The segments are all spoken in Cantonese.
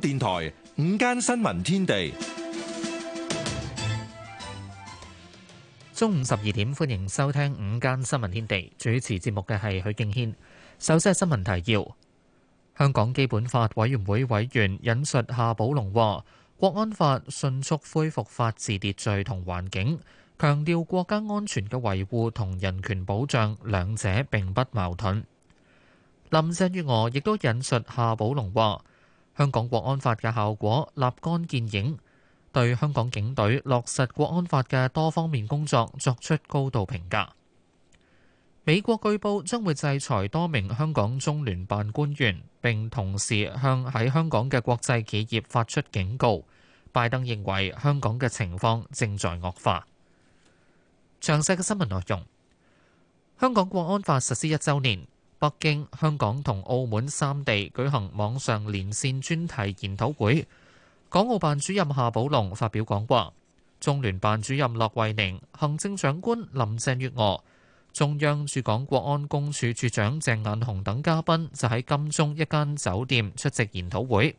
電台午間新聞天地，中午十二點，歡迎收聽午間新聞天地。主持節目嘅係許敬軒。首先係新聞提要：香港基本法委員會委員引述夏寶龍話，國安法迅速恢復法治秩序同環境，強調國家安全嘅維護同人權保障兩者並不矛盾。林鄭月娥亦都引述夏寶龍話。香港國安法嘅效果立竿見影，對香港警隊落實國安法嘅多方面工作作出高度評價。美國據報將會制裁多名香港中聯辦官員，並同時向喺香港嘅國際企業發出警告。拜登認為香港嘅情況正在惡化。詳細嘅新聞內容：香港國安法實施一周年。北京、香港同澳門三地舉行網上連線專題研討會，港澳辦主任夏寶龍發表講話，中聯辦主任駱惠寧、行政長官林鄭月娥、中央駐港國安公署署長鄭雁雄等嘉賓就喺金鐘一間酒店出席研討會。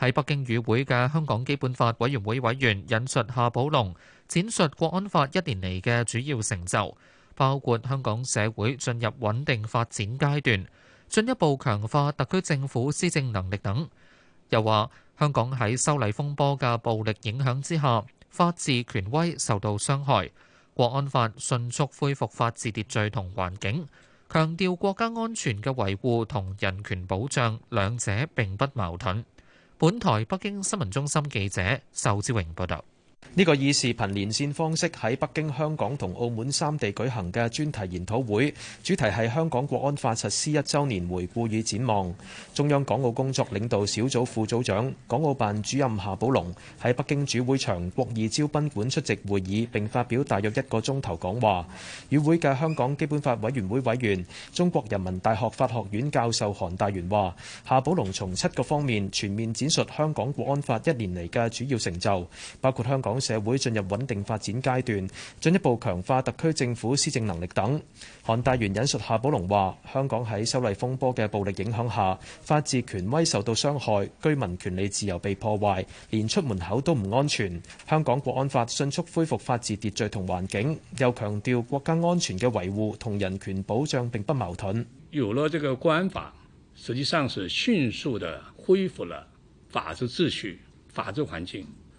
喺北京與會嘅香港基本法委員會委員引述夏寶龍，展述國安法一年嚟嘅主要成就。包括香港社會進入穩定發展階段，進一步強化特區政府施政能力等。又話香港喺修例風波嘅暴力影響之下，法治權威受到傷害。國安法迅速恢復法治秩序同環境，強調國家安全嘅維護同人權保障兩者並不矛盾。本台北京新聞中心記者壽志榮報道。呢、這個以視頻連線方式喺北京、香港同澳門三地舉行嘅專題研討會，主題係香港國安法實施一周年回顧與展望。中央港澳工作領導小組副組長、港澳辦主任夏寶龍喺北京主會場國二招賓館出席會議，並發表大約一個鐘頭講話。與會嘅香港基本法委員會委員、中國人民大學法學院教授韓大元話：夏寶龍從七個方面全面闡述香港國安法一年嚟嘅主要成就，包括香港。港社會進入穩定發展階段，進一步強化特區政府施政能力等。韓大元引述夏寶龍話：香港喺修例風波嘅暴力影響下，法治權威受到傷害，居民權利自由被破壞，連出門口都唔安全。香港國安法迅速恢復法治秩序同環境，又強調國家安全嘅維護同人權保障並不矛盾。有了這個國安法，實際上是迅速地恢復了法治秩序、法治環境。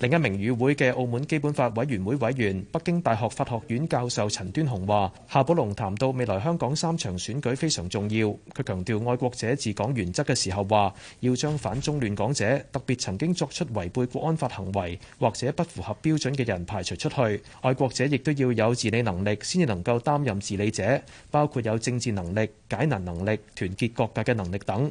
另一名與會嘅澳門基本法委員會委員、北京大學法學院教授陳端雄話：夏寶龍談到未來香港三場選舉非常重要。佢強調愛國者治港原則嘅時候話，要將反中亂港者，特別曾經作出違背國安法行為或者不符合標準嘅人排除出去。愛國者亦都要有治理能力，先至能夠擔任治理者，包括有政治能力、解難能力、團結各界嘅能力等。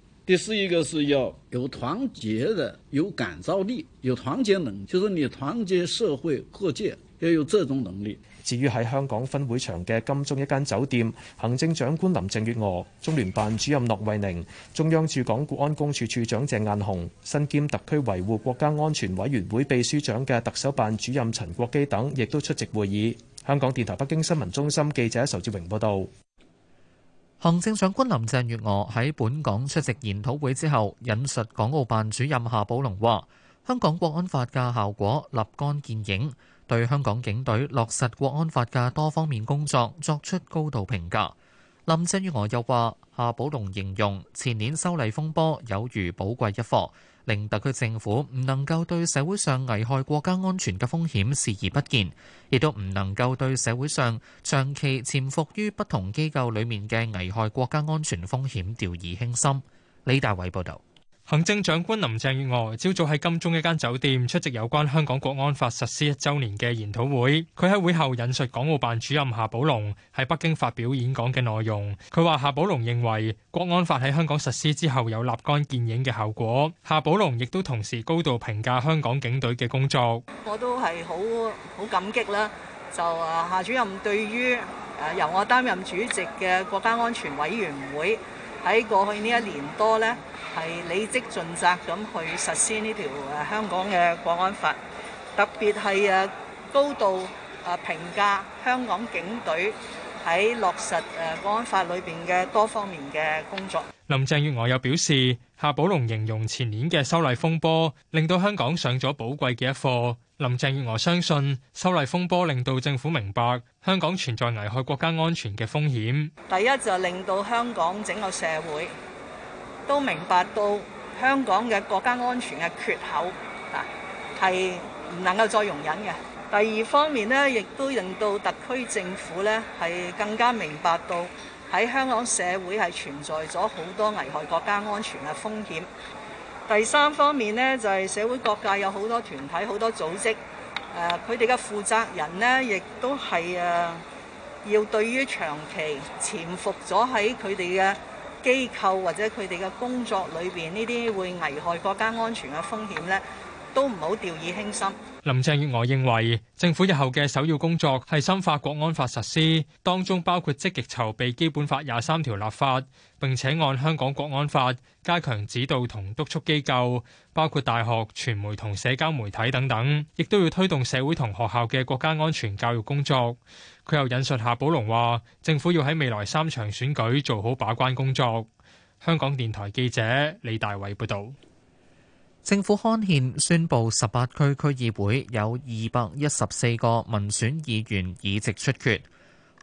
第四一個是要有團結的，有感召力，有團結能，就是你團結社會各界要有這種能力。至於喺香港分會場嘅金鐘一間酒店，行政長官林鄭月娥、中聯辦主任駱惠寧、中央駐港國安公署署長鄭雁雄、身兼特區維護國家安全委員會秘書長嘅特首辦主任陳國基等，亦都出席會議。香港電台北京新聞中心記者仇志榮報導。行政長官林鄭月娥喺本港出席研討會之後，引述港澳辦主任夏寶龍話：香港國安法嘅效果立竿見影，對香港警隊落實國安法嘅多方面工作作出高度評價。林鄭月娥又話：夏寶龍形容前年修例風波有如寶貴一課。令特區政府唔能夠對社會上危害國家安全嘅風險視而不見，亦都唔能夠對社會上長期潛伏於不同機構裡面嘅危害國家安全風險掉以輕心。李大偉報導。行政長官林鄭月娥朝早喺金鐘一間酒店出席有關香港國安法實施一週年嘅研討會。佢喺會後引述港澳辦主任夏寶龍喺北京發表演講嘅內容。佢話夏寶龍認為國安法喺香港實施之後有立竿見影嘅效果。夏寶龍亦都同時高度評價香港警隊嘅工作。我都係好好感激啦。就啊，夏主任對於誒由我擔任主席嘅國家安全委員會。喺過去呢一年多呢，係履職盡責咁去實施呢條誒香港嘅《國安法》，特別係誒高度誒評價香港警隊喺落實誒《國安法》裏邊嘅多方面嘅工作。林鄭月娥又表示。夏寶龍形容前年嘅修例風波令到香港上咗寶貴嘅一課。林鄭月娥相信修例風波令到政府明白香港存在危害國家安全嘅風險。第一就令到香港整個社會都明白到香港嘅國家安全嘅缺口啊，係唔能夠再容忍嘅。第二方面呢，亦都令到特區政府呢係更加明白到。喺香港社會係存在咗好多危害國家安全嘅風險。第三方面呢，就係社會各界有好多團體、好多組織，誒、呃，佢哋嘅負責人呢，亦都係誒，要對於長期潛伏咗喺佢哋嘅機構或者佢哋嘅工作裏邊呢啲會危害國家安全嘅風險呢。都唔好掉以輕心。林鄭月娥認為，政府日後嘅首要工作係深化國安法實施，當中包括積極籌備基本法廿三條立法，並且按香港國安法加強指導同督促機構，包括大學、傳媒同社交媒體等等，亦都要推動社會同學校嘅國家安全教育工作。佢又引述夏寶龍話，政府要喺未來三場選舉做好把關工作。香港電台記者李大偉報導。政府刊憲宣布，十八區區議會有二百一十四個民選議員議席出缺。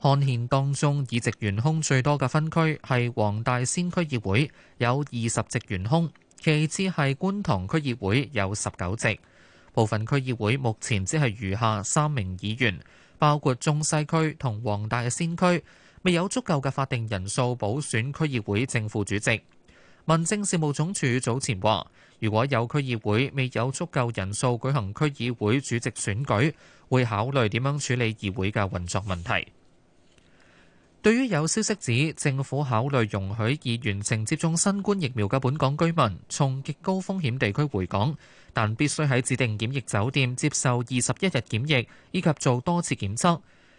刊憲當中，議席懸空最多嘅分區係黃大仙區議會，有二十席懸空；其次係觀塘區議會，有十九席。部分區議會目前只係餘下三名議員，包括中西區同黃大仙區，未有足夠嘅法定人數補選區議會正副主席。民政事務總署早前話，如果有區議會未有足夠人數舉行區議會主席選舉，會考慮點樣處理議會嘅運作問題。對於有消息指政府考慮容許已完成接種新冠疫苗嘅本港居民從極高風險地區回港，但必須喺指定檢疫酒店接受二十一日檢疫，以及做多次檢測。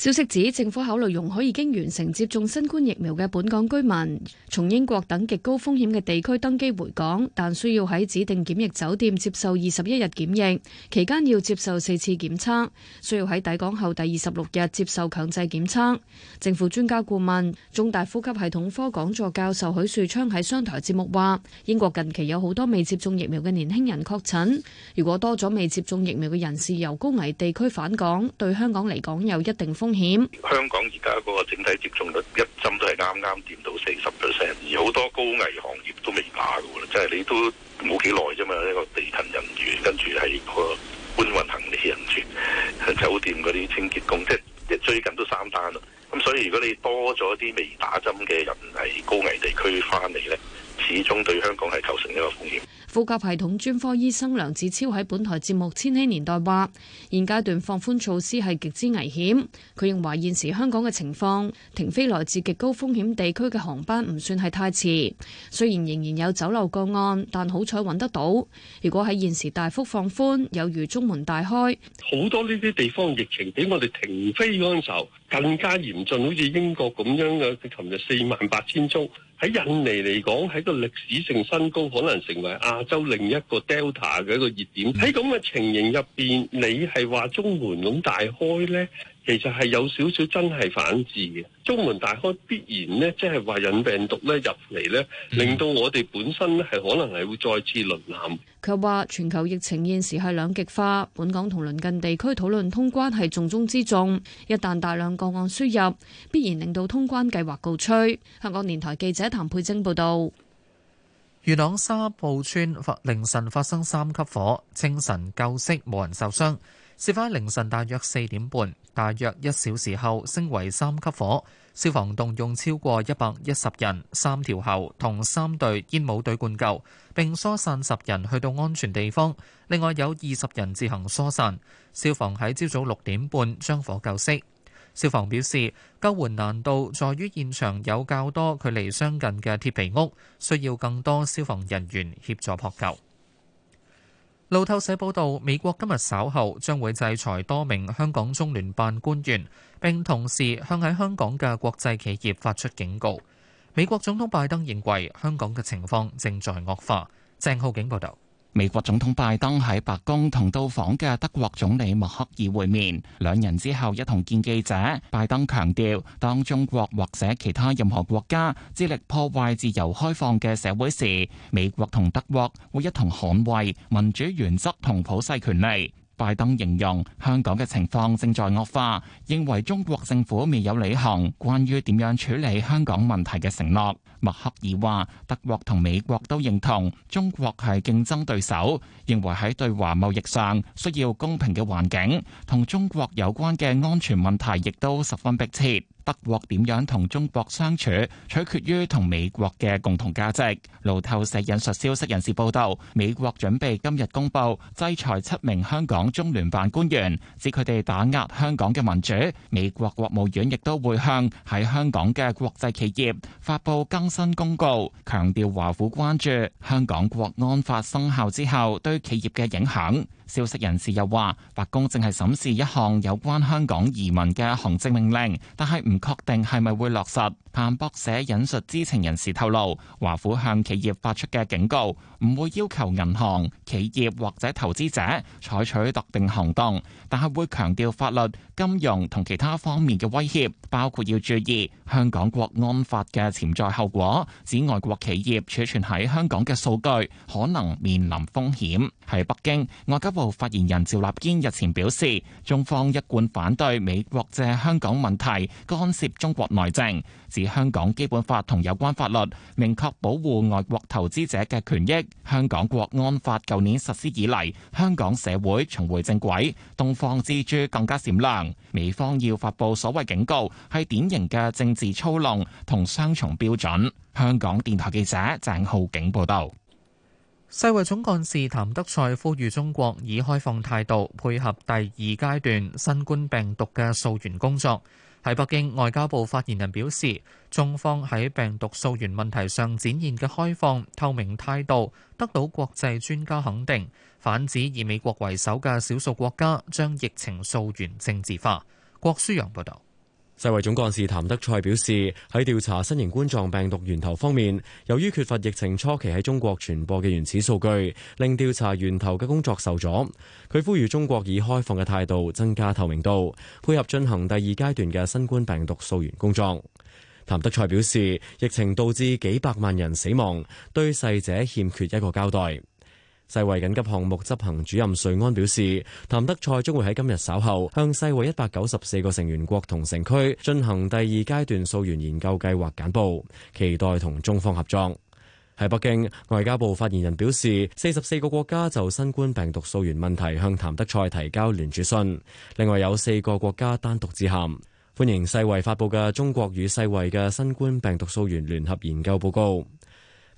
消息指政府考慮容許已經完成接種新冠疫苗嘅本港居民從英國等極高風險嘅地區登機回港，但需要喺指定檢疫酒店接受二十一日檢疫，期間要接受四次檢測，需要喺抵港後第二十六日接受強制檢測。政府專家顧問、中大呼吸系統科講座教授許樹昌喺商台節目話，英國近期有好多未接種疫苗嘅年輕人確診，如果多咗未接種疫苗嘅人士由高危地區返港，對香港嚟講有一定風險。香港而家嗰個整體接種率一針都係啱啱掂到四十 percent，而好多高危行業都未打噶，即係你都冇幾耐啫嘛。呢個地勤人員，跟住係個搬運行李人員，酒店嗰啲清潔工，即係最近都三單啦。咁所以如果你多咗啲未打針嘅人喺高危地區翻嚟，呢，始終對香港係構成一個風險。呼吸系統專科醫生梁子超喺本台節目《千禧年代》話：現階段放寬措施係極之危險。佢認為現時香港嘅情況，停飛來自極高風險地區嘅航班唔算係太遲。雖然仍然有走漏個案，但好彩揾得到。如果喺現時大幅放寬，有如中門大開，好多呢啲地方疫情比我哋停飛嗰陣時候更加嚴峻，好似英國咁樣嘅，佢琴日四萬八千宗喺印尼嚟講，係個歷史性新高，可能成為亞亞洲另一個 Delta 嘅一個熱點，喺咁嘅情形入邊，你係話中門咁大開呢？其實係有少少真係反智嘅。中門大開必然呢，即係話引病毒咧入嚟呢，令到我哋本身咧係可能係會再次淪陷。佢、嗯、話：全球疫情現時係兩極化，本港同鄰近地區討論通關係重中之重。一旦大量個案輸入，必然令到通關計劃告吹。香港電台記者譚佩晶報道。元朗沙埔村凌晨發生三級火，清晨救熄，冇人受傷。事發凌晨大約四點半，大約一小時後升為三級火，消防動用超過一百一十人、三條喉同三隊煙帽隊灌救，並疏散十人去到安全地方。另外有二十人自行疏散。消防喺朝早六點半將火救熄。消防表示，救援難度在於現場有較多距離相近嘅鐵皮屋，需要更多消防人員協助撲救。路透社報道，美國今日稍後將會制裁多名香港中聯辦官員，並同時向喺香港嘅國際企業發出警告。美國總統拜登認為香港嘅情況正在惡化。鄭浩景報道。美國總統拜登喺白宮同到訪嘅德國總理默克爾會面，兩人之後一同見記者。拜登強調，當中國或者其他任何國家致力破壞自由開放嘅社會時，美國同德國會一同捍衛民主原則同普世權利。拜登形容香港嘅情況正在惡化，認為中國政府未有履行關於點樣處理香港問題嘅承諾。默克爾話：德國同美國都認同中國係競爭對手，認為喺對華貿易上需要公平嘅環境，同中國有關嘅安全問題亦都十分迫切。德國點樣同中國相處，取決於同美國嘅共同價值。路透社引述消息人士報道，美國準備今日公佈制裁七名香港中聯辦官員，指佢哋打壓香港嘅民主。美國國務院亦都會向喺香港嘅國際企業發佈更新公告，強調華府關注香港國安法生效之後對企業嘅影響。消息人士又話，白宮正係審視一項有關香港移民嘅行政命令，但係唔確定係咪會落實。彭博社引述知情人士透露，華府向企業發出嘅警告唔會要求銀行、企業或者投資者採取特定行動，但係會強調法律、金融同其他方面嘅威脅，包括要注意香港國安法嘅潛在後果，指外國企業儲存喺香港嘅數據可能面臨風險。喺北京，外交部發言人趙立堅日前表示，中方一貫反對美國借香港問題干涉中國內政。指香港基本法同有關法律，明確保護外國投資者嘅權益。香港國安法舊年實施以嚟，香港社會重回正軌，東方之珠更加閃亮。美方要發布所謂警告，係典型嘅政治操弄同雙重標準。香港電台記者鄭浩景報道。世衞總幹事譚德塞呼籲中國以開放態度配合第二階段新冠病毒嘅溯源工作。喺北京，外交部發言人表示，中方喺病毒溯源問題上展現嘅開放透明態度，得到國際專家肯定，反指以美國為首嘅少數國家將疫情溯源政治化。郭舒陽報道。世衛總幹事譚德賽表示，喺調查新型冠狀病毒源頭方面，由於缺乏疫情初期喺中國傳播嘅原始數據，令調查源頭嘅工作受阻。佢呼籲中國以開放嘅態度增加透明度，配合進行第二階段嘅新冠病毒溯源工作。譚德賽表示，疫情導致幾百萬人死亡，對逝者欠缺一個交代。世衛緊急項目執行主任瑞安表示，譚德塞將會喺今日稍後向世衛一百九十四個成員國同城區進行第二階段溯源研究計劃簡報，期待同中方合作。喺北京，外交部發言人表示，四十四個國家就新冠病毒溯源問題向譚德塞提交聯署信，另外有四個國家單獨致函，歡迎世衛發佈嘅中國與世衛嘅新冠病毒溯源聯合研究報告。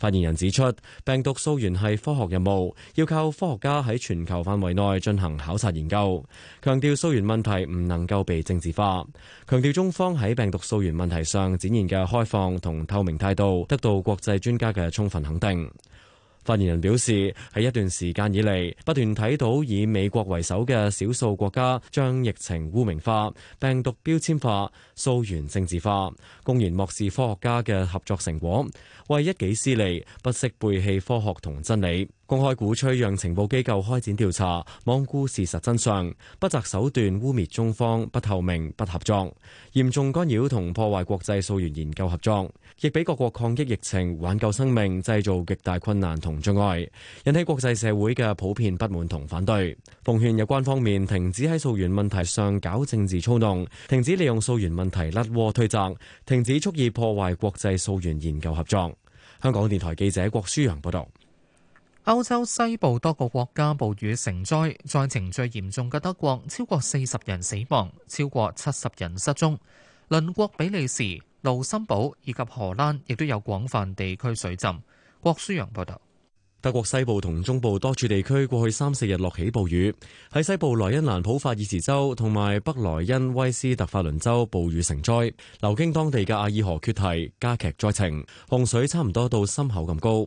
發言人指出，病毒溯源係科學任務要靠科學家，喺全球範圍內進行考察研究。強調溯源問題唔能夠被政治化。強調中方喺病毒溯源問題上展現嘅開放同透明態度，得到國際專家嘅充分肯定。發言人表示，喺一段時間以嚟，不斷睇到以美國為首嘅少數國家將疫情污名化、病毒標籤化、溯源政治化，公然漠視科學家嘅合作成果，為一己私利，不惜背棄科學同真理。公開鼓吹讓情報機構開展調查，罔顧事實真相，不擇手段污蔑中方，不透明、不合作，嚴重干擾同破壞國際溯源研究合作，亦俾各國抗擊疫情，挽救生命，製造極大困難同障礙，引起國際社會嘅普遍不滿同反對。奉勸有關方面停止喺溯源問題上搞政治操弄，停止利用溯源問題甩鍋推責，停止蓄意破壞國際溯源研究合作。香港電台記者郭舒揚報道。歐洲西部多個國家暴雨成災，災情最嚴重嘅德國超過四十人死亡，超過七十人失蹤。鄰國比利時、盧森堡以及荷蘭亦都有廣泛地區水浸。郭舒揚報道：德國西部同中部多處地區過去三四日落起暴雨，喺西部萊茵蘭普法爾茨州同埋北萊茵威斯特法倫州暴雨成災，流經當地嘅阿爾河決堤，加劇災情，洪水差唔多到心口咁高。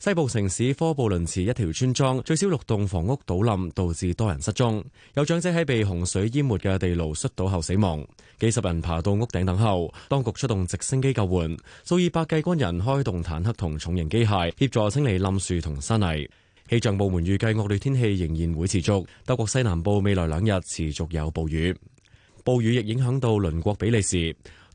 西部城市科布倫茨一條村莊最少六棟房屋倒冧，導致多人失蹤。有長者喺被洪水淹沒嘅地牢摔倒後死亡，幾十人爬到屋頂等候。當局出動直升機救援，數以百計軍人開動坦克同重型機械協助清理冧樹同山泥。氣象部門預計惡劣天氣仍然會持續，德國西南部未來兩日持續有暴雨，暴雨亦影響到鄰國比利時。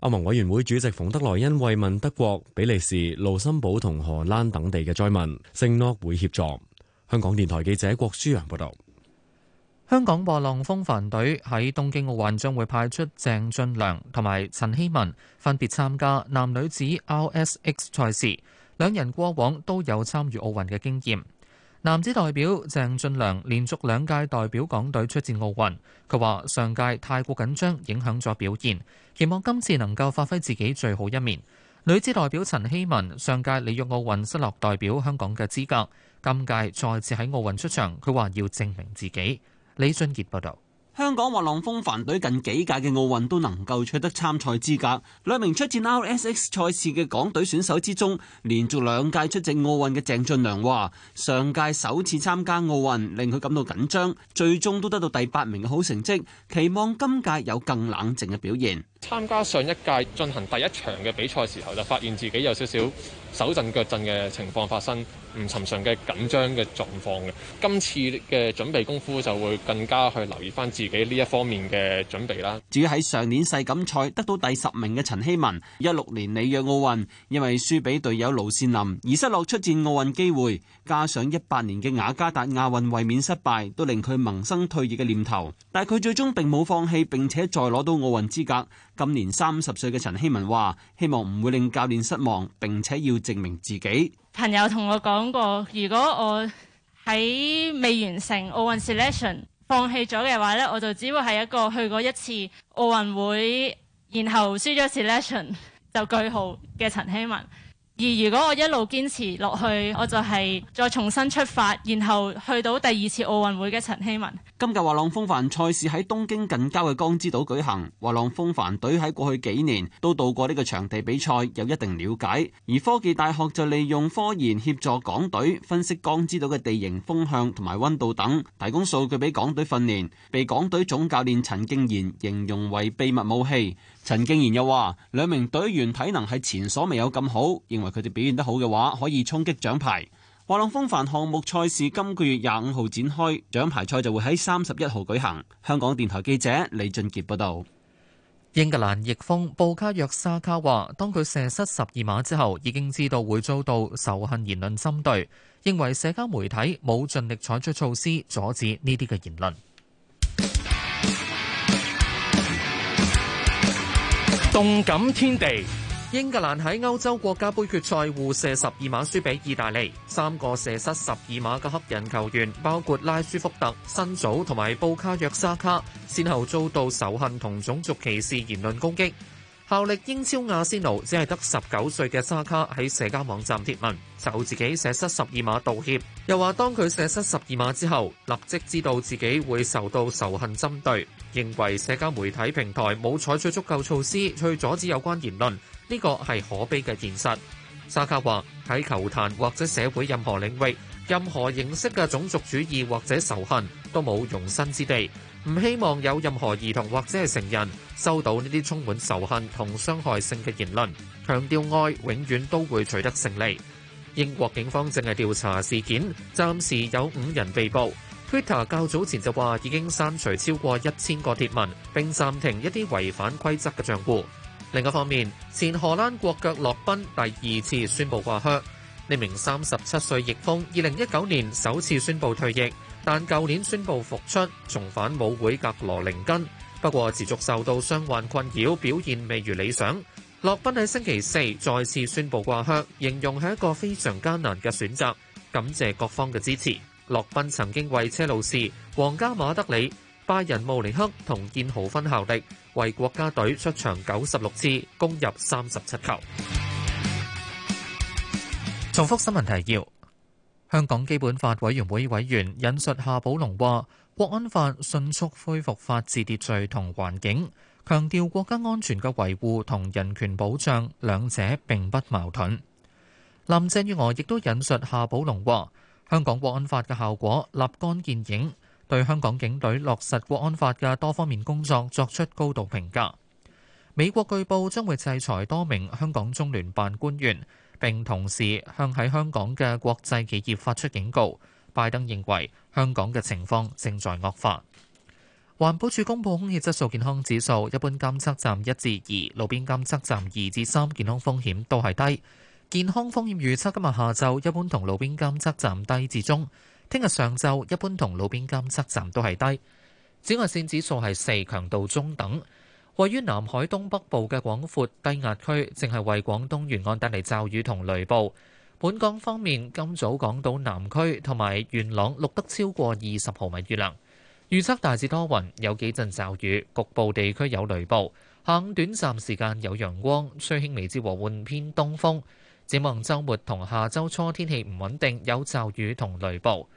歐盟委員會主席馮德萊恩慰問德國、比利時、盧森堡同荷蘭等地嘅災民，承諾會協助。香港電台記者郭舒陽報道。香港滑浪風帆隊喺東京奧運將會派出鄭俊良同埋陳希文分別參加男女子 RSX 賽事，兩人過往都有參與奧運嘅經驗。男子代表鄭俊良連續兩屆代表港隊出戰奧運，佢話上屆太過緊張，影響咗表現，期望今次能夠發揮自己最好一面。女子代表陳希文上屆里約奧運失落代表香港嘅資格，今屆再次喺奧運出場，佢話要證明自己。李俊傑報道。香港滑浪風帆隊近幾屆嘅奧運都能夠取得參賽資格，兩名出戰 RSX 賽事嘅港隊選手之中，連續兩屆出席奧運嘅鄭俊良話：上屆首次參加奧運令佢感到緊張，最終都得到第八名嘅好成績，期望今屆有更冷靜嘅表現。參加上一屆進行第一場嘅比賽的時候，就發現自己有少少手震腳震嘅情況發生。唔尋常嘅緊張嘅狀況嘅，今次嘅準備功夫就會更加去留意翻自己呢一方面嘅準備啦。至於喺上年世錦賽得到第十名嘅陳希文，一六年里約奧運因為輸俾隊友盧善林而失落出戰奧運機會，加上一八年嘅雅加達亞運衛冕失敗，都令佢萌生退役嘅念頭。但佢最終並冇放棄，並且再攞到奧運資格。今年三十歲嘅陳希文話：希望唔會令教練失望，並且要證明自己。朋友同我講過，如果我喺未完成奧運 selection 放棄咗嘅話呢，我就只會係一個去過一次奧運會，然後輸咗 selection 就句號嘅陳希文。而如果我一路堅持落去，我就係再重新出發，然後去到第二次奧運會嘅陳希文。今屆滑浪風帆賽事喺東京近郊嘅江之島舉行，滑浪風帆隊喺過去幾年都到過呢個場地比賽，有一定了解。而科技大學就利用科研協助港隊分析江之島嘅地形、風向同埋溫度等，提供數據俾港隊訓練，被港隊總教練陳敬賢形容為秘密武器。陳敬賢又話：兩名隊員體能係前所未有咁好，認為佢哋表現得好嘅話，可以衝擊獎牌。滑浪風帆項目賽事今個月廿五號展開，獎牌賽就會喺三十一號舉行。香港電台記者李俊杰報道。英格蘭翼鋒布卡約沙卡話：當佢射失十二碼之後，已經知道會遭到仇恨言論針對，認為社交媒體冇盡力採取措施阻止呢啲嘅言論。動感天地，英格蘭喺歐洲國家杯決賽互射十二碼輸俾意大利，三個射失十二碼嘅黑人球員，包括拉舒福特、新祖同埋布卡約沙卡，先後遭到仇恨同種族歧視言論攻擊。效力英超阿仙奴，只係得十九歲嘅沙卡喺社交網站貼文就自己射失十二碼道歉，又話當佢射失十二碼之後，立即知道自己會受到仇恨針對。認為社交媒體平台冇採取足夠措施去阻止有關言論，呢個係可悲嘅現實。沙卡話喺球壇或者社會任何領域，任何形式嘅種族主義或者仇恨都冇容身之地。唔希望有任何兒童或者係成人收到呢啲充滿仇恨同傷害性嘅言論。強調愛永遠都會取得勝利。英國警方正係調查事件，暫時有五人被捕。Twitter 較早前就話已經刪除超過一千個貼文，並暫停一啲違反規則嘅賬戶。另一方面，前荷蘭國腳洛賓第二次宣布掛靴。呢名三十七歲翼鋒，二零一九年首次宣布退役，但舊年宣布復出，重返母會格羅寧根。不過持續受到傷患困擾，表現未如理想。洛賓喺星期四再次宣布掛靴，形容係一個非常艱難嘅選擇，感謝各方嘅支持。洛賓曾經為車路士、皇家馬德里、拜仁慕尼黑同燕豪芬效力，為國家隊出場九十六次，攻入三十七球。重複新聞提要：香港基本法委員會委員引述夏寶龍話，國安法迅速恢復法治秩序同環境，強調國家安全嘅維護同人權保障兩者並不矛盾。林鄭月娥亦都引述夏寶龍話。香港國安法嘅效果立竿見影，對香港警隊落實國安法嘅多方面工作作出高度評價。美國據報將會制裁多名香港中聯辦官員，並同時向喺香港嘅國際企業發出警告。拜登認為香港嘅情況正在惡化。環保署公布空氣質素健康指數，一般監測站一至二，路邊監測站二至三，健康風險都係低。健康風險預測今日下晝一般同路邊監測站低至中，聽日上晝一般同路邊監測站都係低。紫外線指數係四，強度中等。位於南海東北部嘅廣闊低壓區，正係為廣東沿岸帶嚟驟雨同雷暴。本港方面，今早港島南區同埋元朗錄得超過二十毫米雨量。預測大致多雲，有幾陣驟雨，局部地區有雷暴。下午短暫時間有陽光，吹輕微至和緩偏東風。展望周末同下周初天氣唔穩定，有驟雨同雷暴，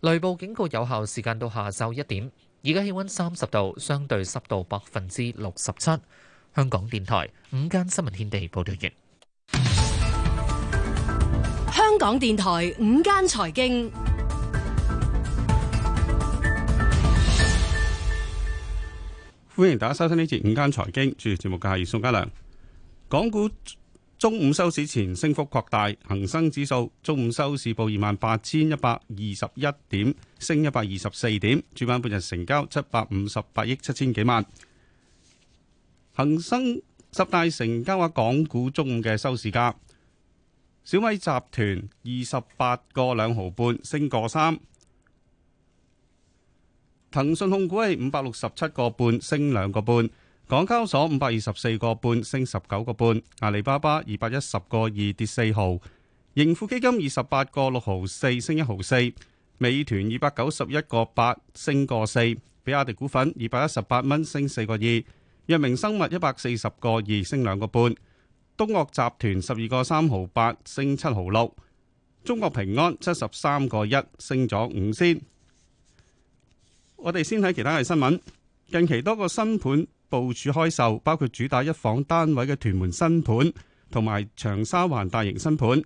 雷暴警告有效時間到下晝一點。而家氣溫三十度，相對濕度百分之六十七。香港電台午間新聞天地報道完。香港電台午間財經，歡迎大家收聽呢節午間財經，主持節目嘅係宋嘉良，港股，中午收市前升幅擴大，恒生指數中午收市報二萬八千一百二十一點，升一百二十四點，主板半日成交七百五十八億七千幾萬。恒生十大成交額港股中午嘅收市價，小米集團二十八個兩毫半，升個三；騰訊控股係五百六十七個半，升兩個半。港交所五百二十四個半，升十九個半，阿里巴巴二百一十個二，跌四毫，盈富基金二十八個六毫四，升一毫四，美團二百九十一個八，升個四，比亞迪股份二百一十八蚊，升四個二，藥明生物一百四十個二，升兩個半，東嶽集團十二個三毫八，升七毫六，中國平安七十三個一，升咗五仙。我哋先睇其他嘅新聞，近期多個新盤部署開售，包括主打一房單位嘅屯門新盤，同埋長沙灣大型新盤。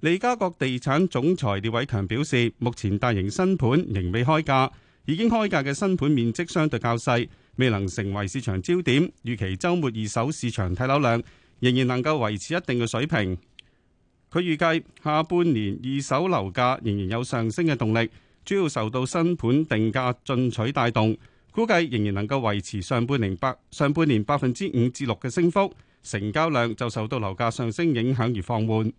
利嘉閣地產總裁廖偉強表示，目前大型新盤仍未開價，已經開價嘅新盤面積相對較細，未能成為市場焦點。預期周末二手市場睇樓量仍然能夠維持一定嘅水平。佢預計下半年二手樓價仍然有上升嘅動力，主要受到新盤定價進取帶動。估計仍然能夠維持上半年百，上半年百分之五至六嘅升幅，成交量就受到樓價上升影響而放緩。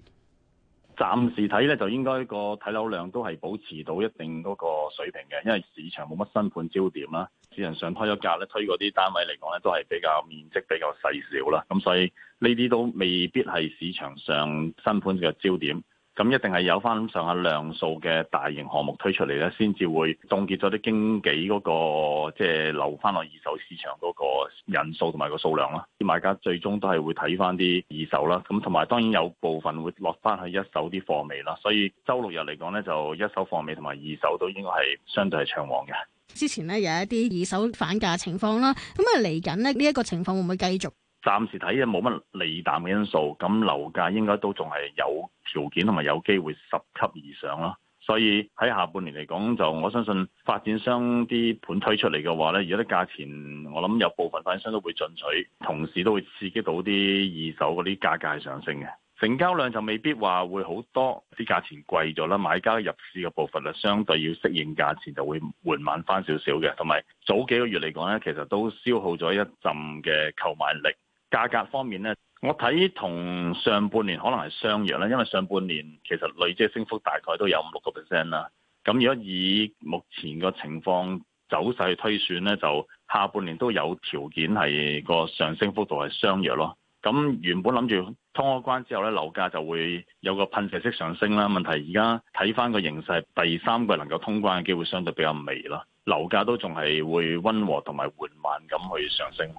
暫時睇咧，就應該個睇樓量都係保持到一定嗰個水平嘅，因為市場冇乜新盤焦點啦，市場上推咗價咧，推嗰啲單位嚟講咧都係比較面積比較細小啦，咁所以呢啲都未必係市場上新盤嘅焦點。咁一定係有翻上下量數嘅大型項目推出嚟咧，先至會凍結咗啲經紀嗰個，即係留翻落二手市場嗰個人數同埋個數量啦。啲買家最終都係會睇翻啲二手啦。咁同埋當然有部分會落翻去一手啲貨尾啦。所以周六日嚟講咧，就一手貨尾同埋二手都應該係相對係暢旺嘅。之前咧有一啲二手反價情況啦，咁啊嚟緊咧呢一個情況會唔會繼續？暫時睇嘅冇乜利淡嘅因素，咁樓價應該都仲係有條件同埋有機會十級以上咯。所以喺下半年嚟講，就我相信發展商啲盤推出嚟嘅話咧，而家啲價錢我諗有部分發展商都會進取，同時都會刺激到啲二手嗰啲價格上升嘅。成交量就未必話會好多，啲價錢貴咗啦，買家入市嘅部分就相對要適應價錢就會緩慢翻少少嘅，同埋早幾個月嚟講咧，其實都消耗咗一陣嘅購買力。價格方面咧，我睇同上半年可能係相若啦，因為上半年其實累積升幅大概都有五六個 percent 啦。咁如果以目前個情況走勢推算咧，就下半年都有條件係個上升幅度係相若咯。咁原本諗住通咗關之後咧，樓價就會有個噴射式上升啦。問題而家睇翻個形勢，第三季能夠通關嘅機會相對比較微咯。樓價都仲係會溫和同埋緩慢咁去上升。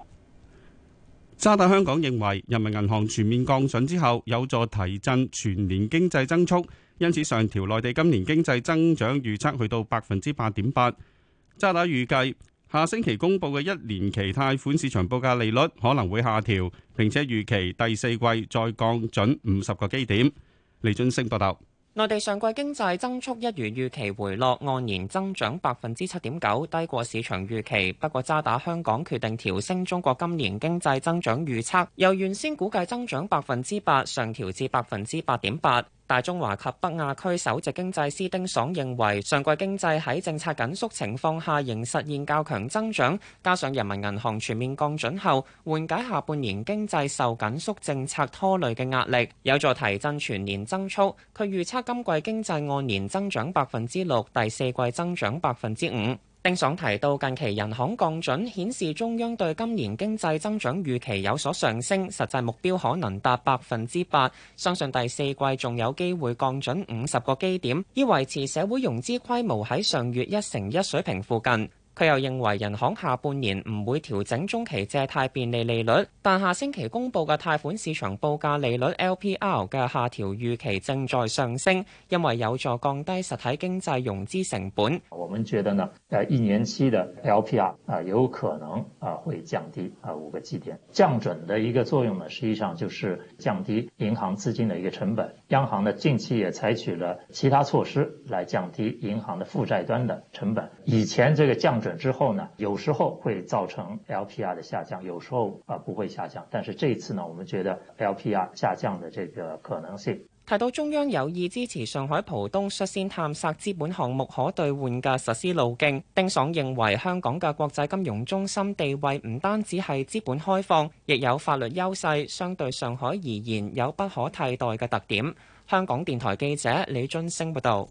渣打香港認為人民銀行全面降準之後，有助提振全年經濟增速，因此上調內地今年經濟增長預測去到百分之八點八。渣打預計下星期公布嘅一年期貸款市場報價利率可能會下調，並且預期第四季再降準五十個基點。李津升報道。內地上季經濟增速一如預期回落，按年增長百分之七點九，低過市場預期。不過渣打香港決定調升中國今年經濟增長預測，由原先估計增長百分之八，上調至百分之八點八。大中華及北亞區首席經濟師丁爽認為，上季經濟喺政策緊縮情況下仍實現較強增長，加上人民銀行全面降準後，緩解下半年經濟受緊縮政策拖累嘅壓力，有助提振全年增速。佢預測今季經濟按年增長百分之六，第四季增長百分之五。丁爽提到，近期人行降準顯示中央對今年經濟增長預期有所上升，實際目標可能達百分之八。相信第四季仲有機會降準五十個基點，以維持社會融資規模喺上月一成一水平附近。佢又認為人行下半年唔會調整中期借貸便利利率，但下星期公布嘅貸款市場報價利率 LPR 嘅下調預期正在上升，因為有助降低實體經濟融資成本。我們覺得呢，一年期的 LPR 啊有可能啊會降低啊五個基點。降準嘅一個作用呢，實際上就是降低銀行資金嘅一個成本。央行呢近期也採取了其他措施來降低銀行的負債端的成本。以前這個降低之後呢，有時候會造成 LPR 的下降，有時候啊不會下降。但是這次呢，我們覺得 LPR 下降的這個可能性。提到中央有意支持上海浦東率先探索資本項目可兌換嘅實施路徑，丁爽認為香港嘅國際金融中心地位唔單止係資本開放，亦有法律優勢，相對上海而言有不可替代嘅特點。香港電台記者李津升報道。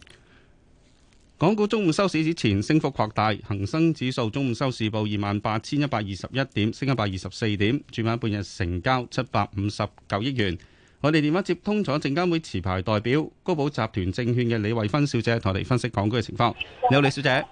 港股中午收市之前升幅擴大，恆生指數中午收市報二萬八千一百二十一點，升一百二十四點，主板半日成交七百五十九億元。我哋電話接通咗證監會持牌代表高寶集團證券嘅李慧芬小姐，同我哋分析港股嘅情況。你好，李小姐。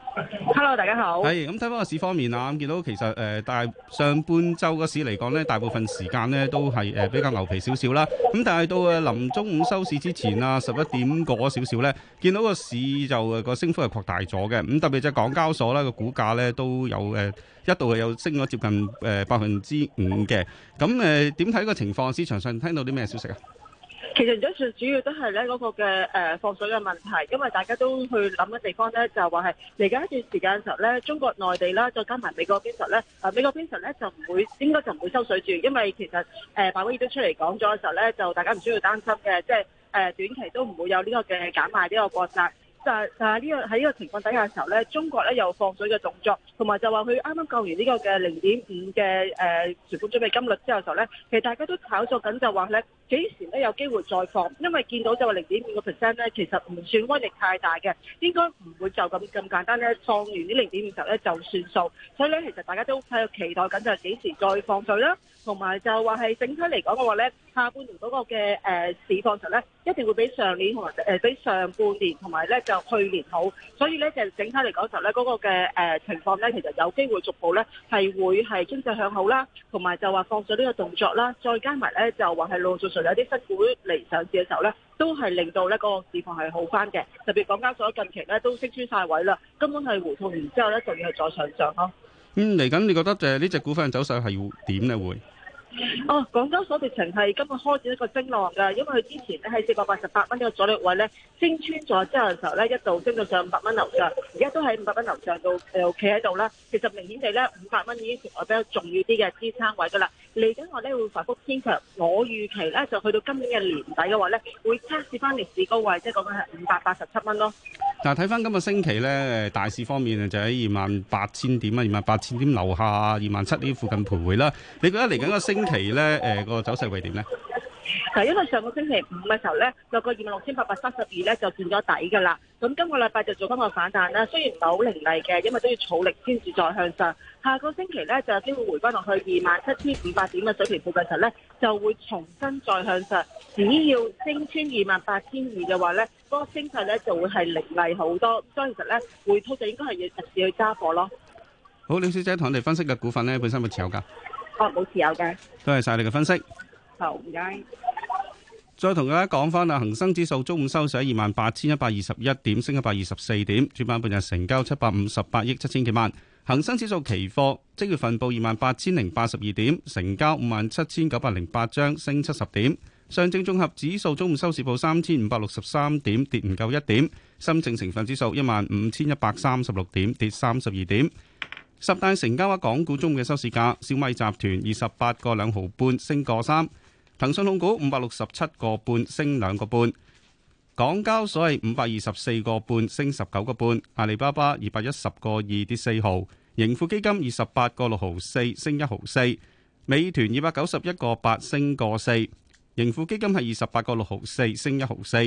Hello，大家好。係咁，睇翻個市方面啊，咁見到其實誒，大、呃、上半周個市嚟講呢，大部分時間呢都係誒比較牛皮少少啦。咁但係到誒臨中午收市之前啊，十一點過少少呢，見到個市就個升幅係擴大咗嘅。咁特別就係港交所呢個股價呢，都有誒一度係有升咗接近誒百分之五嘅。咁誒點睇個情況？市場上聽到啲咩消息啊？其實最最主要都係咧嗰個嘅誒放水嘅問題，因為大家都去諗嘅地方咧就話係嚟緊一段時間嘅時候咧，中國內地啦再加埋美，美國邊度咧，啊美國邊度咧就唔會應該就唔會收水住，因為其實誒鮑威爾都出嚟講咗嘅時候咧，就大家唔需要擔心嘅，即係誒短期都唔會有呢、這個嘅減賣呢個趨勢。就係呢個喺呢個情況底下嘅時候呢，中國呢又放水嘅動作，同埋就話佢啱啱救完呢個嘅零點五嘅誒存款準備金率之後嘅時候呢，其實大家都炒作緊就話呢幾時呢有機會再放，因為見到就話零點五個 percent 呢其實唔算威力太大嘅，應該唔會就咁咁簡單呢，放完啲零點五就呢就算數，所以呢其實大家都喺度期待緊就係幾時再放水啦。同埋就話係整體嚟講嘅話咧，下半年嗰個嘅誒市況就咧，一定會比上年同埋誒比上半年同埋咧就去年好，所以咧其實整體嚟講時候咧嗰個嘅誒情況咧，其實有機會逐步咧係會係經濟向好啦，同埋就話放咗呢個動作啦，再加埋咧就話係陸陸續續有啲新股嚟上市嘅時候咧，都係令到咧嗰個市況係好翻嘅，特別港交所近期咧都升穿晒位啦，根本係回吐完之後咧就要再上漲咯。嗯，嚟緊你覺得誒呢隻股份嘅走勢係點咧會？哦，廣州所直情係今日開展一個升浪㗎，因為佢之前咧喺四百八十八蚊呢個阻力位咧升穿咗之後嘅時候咧，一度升到上五百蚊樓上，而家都喺五百蚊樓上度，誒企喺度啦。其實明顯地咧，五百蚊已經成為比較重要啲嘅支撐位㗎啦。嚟緊我咧會反覆偏強，我預期咧就去到今年嘅年底嘅話咧，會測試翻歷史高位，即係講緊係五百八十七蚊咯。嗱，睇翻今個星期咧，大市方面就喺二萬八千點啊，二萬八千點樓下，二萬七點附近徘徊啦。你覺得嚟緊個星期咧，誒個走勢會點咧？嗱，因為上個星期五嘅時候咧，落個二萬六千八百三十二咧就見咗底噶啦。咁今個禮拜就做今個反彈啦，雖然唔係好凌厲嘅，因為都要儲力先至再向上。下個星期咧就先會回翻落去二萬七千五百點嘅水平附近時咧，就會重新再向上。只要升穿二萬八千二嘅話咧，嗰個升勢咧就會係凌厲好多，所以其實咧回補就應該係要直接去揸貨咯。好，李小姐同我哋分析嘅股份呢本身有持有噶？我、哦、冇持有嘅。多謝晒你嘅分析。好，唔該。再同大家講翻啊，恒生指數中午收市二萬八千一百二十一點，升一百二十四點。主板半日成交七百五十八億七千幾萬。恒生指數期貨即月份報二萬八千零八十二點，成交五萬七千九百零八張，升七十點。上證綜合指數中午收市報三千五百六十三點，跌唔夠一點。深證成分指數一萬五千一百三十六點，跌三十二點。十大成交額港股中午嘅收市價：小米集團二十八個兩毫半，升個三；騰訊控股五百六十七個半，升兩個半；港交所係五百二十四個半，升十九個半；阿里巴巴二百一十個二，跌四毫；盈富基金二十八個六毫四，升一毫四；美團二百九十一個八，升個四。盈富基金係二十八個六毫四，升一毫四；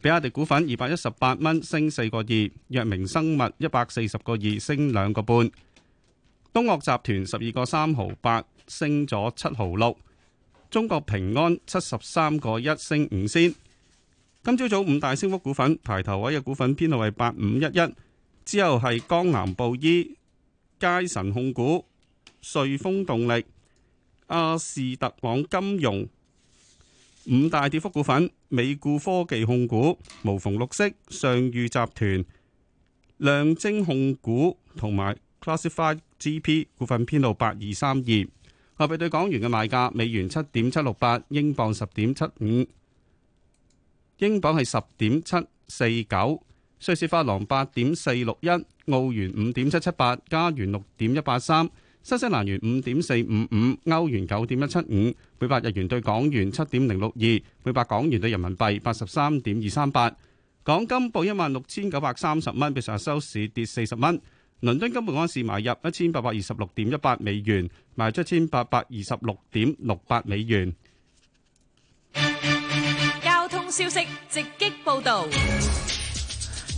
比亞迪股份二百一十八蚊，升四個二；藥明生物一百四十個二，升兩個半；東岳集團十二個三毫八，升咗七毫六；中國平安七十三個一，升五仙。今朝早五大升幅股份，排頭位嘅股份編號係八五一一，之後係江南布衣、佳神控股、瑞豐動力、亞、啊、仕特朗金融。五大跌幅股份：美固科技控股、無縫綠色、上裕集團、量征控股同埋 Classified GP 股份編號八二三二。外幣對港元嘅賣價：美元七點七六八，英鎊十點七五，英鎊係十點七四九，瑞士法郎八點四六一，澳元五點七七八，加元六點一八三。新西蘭元五點四五五，歐元九點一七五，每百日元對港元七點零六二，每百港元對人民幣八十三點二三八。港金報一萬六千九百三十蚊，比上日收市跌四十蚊。倫敦金本安士買入一千八百二十六點一八美元，賣出一千八百二十六點六八美元。交通消息直擊報道。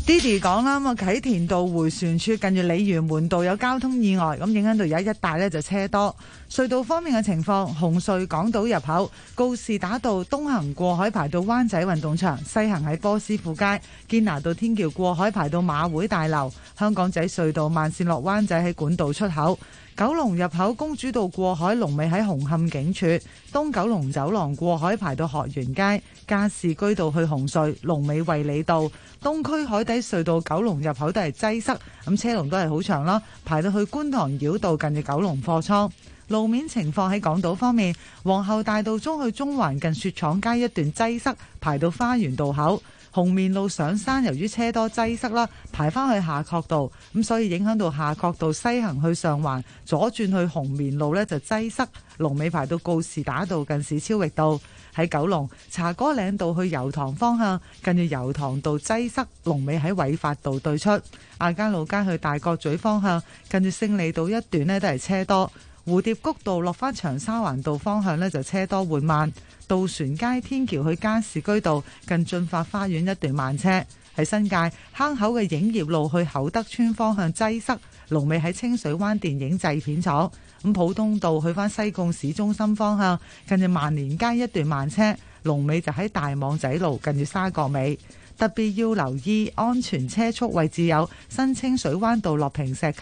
Diddy 講啦，咁啊啟田道回旋處近住鯉魚門道有交通意外，咁影響到而家一帶咧就車多。隧道方面嘅情況，紅隧港島入口、告士打道東行過海排到灣仔運動場，西行喺波斯富街、堅拿道天橋過海排到馬會大樓，香港仔隧道慢線落灣仔喺管道出口。九龍入口公主道，過海龍尾喺紅磡警署，東九龍走廊過海排到學園街，加士居道去紅隧龍尾衛理道，東區海底隧道九龍入口都係擠塞，咁車龍都係好長啦，排到去觀塘繞道近住九龍貨倉。路面情況喺港島方面，皇后大道中去中環近雪廠街一段擠塞，排到花園道口。紅棉路上山，由於車多擠塞啦，排翻去夏慤道，咁所以影響到夏慤道西行去上環，左轉去紅棉路呢，就擠塞，龍尾排到告士打道近史超域道。喺九龍茶果嶺道去油塘方向，跟住油塘道擠塞，龍尾喺偉發道對出。亞皆老街去大角咀方向，跟住勝利道一段呢，都係車多。蝴蝶谷道落返長沙灣道方向呢，就車多緩慢，渡船街天橋去加士居道近駿發花園一段慢車，喺新界坑口嘅影業路去厚德村方向擠塞，龍尾喺清水灣電影製片廠。咁普通道去翻西貢市中心方向近住萬年街一段慢車，龍尾就喺大網仔路近住沙角尾。特別要留意安全車速位置有新清水灣道落坪石。